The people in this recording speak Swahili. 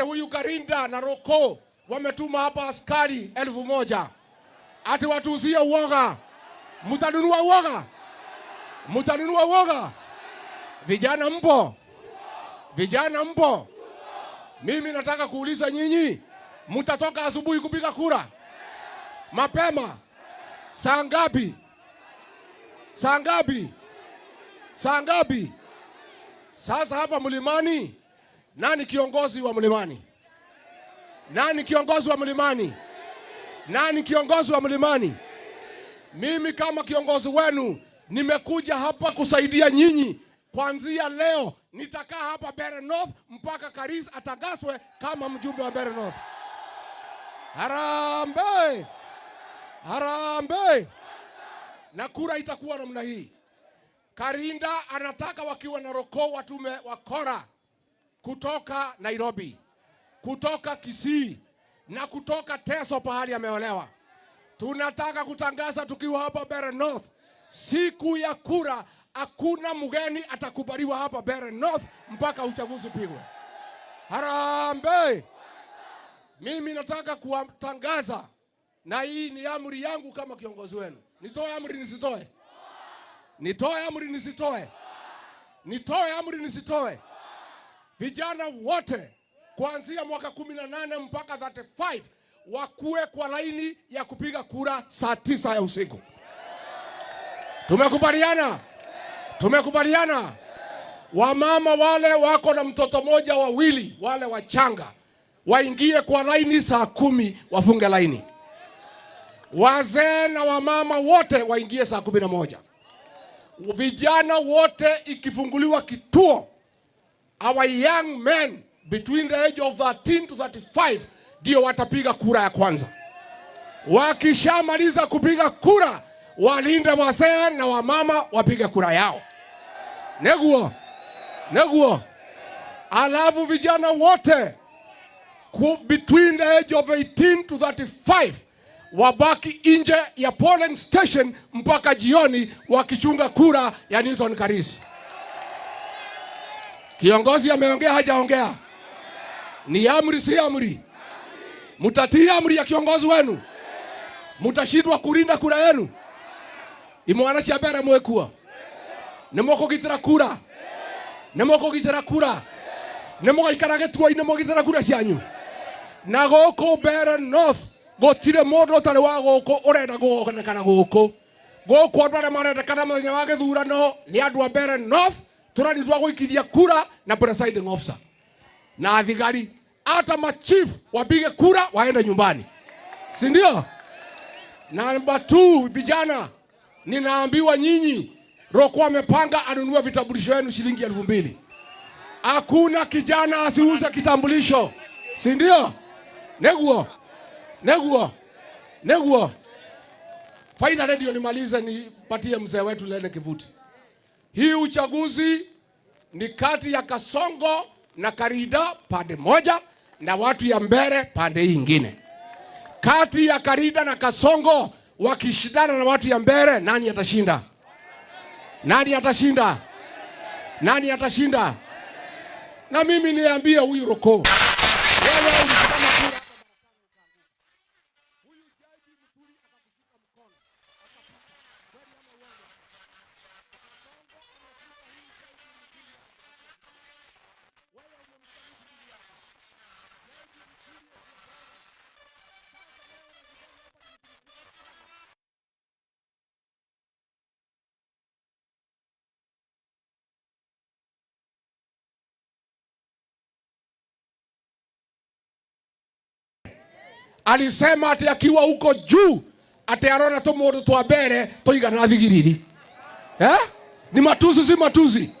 ate huyu Karinda na Roko wametuma hapa askari elfu moja ati watuuzie uoga. mutanunua uoga? Mutanunua uoga? Vijana mpo? Vijana mpo? Mimi nataka kuuliza nyinyi, mutatoka asubuhi kupiga kura mapema saa ngapi? Saa ngapi? Saa ngapi? Sasa hapa mlimani nani kiongozi wa mlimani? Nani kiongozi wa mlimani? Nani kiongozi wa mlimani? Mimi kama kiongozi wenu nimekuja hapa kusaidia nyinyi. Kuanzia leo nitakaa hapa Mbeere North mpaka Karis atagaswe kama mjumbe wa Mbeere North. harambe Harambe! Na kura itakuwa namna hii. Karinda anataka wakiwa na roko watume wakora kutoka Nairobi, kutoka Kisii na kutoka Teso pahali ameolewa. Tunataka kutangaza tukiwa hapa Bere North, siku ya kura, hakuna mgeni atakubaliwa hapa Bere North mpaka uchaguzi upigwe. harambe Mimi nataka kuwatangaza, na hii ni amri yangu kama kiongozi wenu. Nitoe amri nisitoe? Nitoe amri nisitoe? Nitoe amri nisitoe? Vijana wote kuanzia mwaka 18 mpaka 35 wakuwe kwa laini ya kupiga kura saa tisa ya usiku. Tumekubaliana, tumekubaliana. Wamama wale wako na mtoto moja wawili, wale wachanga waingie kwa laini saa kumi, wafunge laini. Wazee na wamama wote waingie saa kumi na moja. Vijana wote ikifunguliwa kituo our young men between the age of 13 to 35 ndio watapiga kura ya kwanza. Wakishamaliza kupiga kura, walinde wasea na wamama wapige kura yao neguo neguo. Alafu vijana wote between the age of 18 to 35 wabaki nje ya polling station mpaka jioni wakichunga kura ya Newton Karisi. Kiongozi ameongea hajaongea? Ni amri si amri? Mutatii amri ya kiongozi wenu? Mutashindwa kulinda kura yenu? imwana cia mbere mwikua nä måkågitĩra kura nä måkågitĩra kura nä mågaikara gĩtuo-inĩ mũgitĩra kura cianyu na gũkũ Mbeere North gũtirĩ mũndũ ũtarĩ wa gũkũ ũrenda kuonekana gũkũ gũkũ andũ arĩa marendekana mũthenya wa gĩthurano nĩ andũ a Mbeere North turarizwa guikithia kura na presiding officer na athigari hata machief wapige kura waende nyumbani, si ndio? Namba 2, vijana, ninaambiwa nyinyi Roko amepanga anunue vitambulisho yenu shilingi elfu mbili. Hakuna kijana asiuze kitambulisho, si ndio? Neguo, neguo, neguo. Faida redio, nimalize nipatie mzee wetu Lene Kivuti. Hii uchaguzi ni kati ya Kasongo na Karida pande moja na watu ya Mbere pande hii ingine. Kati ya Karida na Kasongo wakishindana na watu ya Mbere, nani atashinda? Nani atashinda? Nani atashinda? Na mimi niambie huyu Roko alisema ati akiwa huko juu ati arona tumuundu twa mbere tuigana thigiriri eh? ni matusi si matusi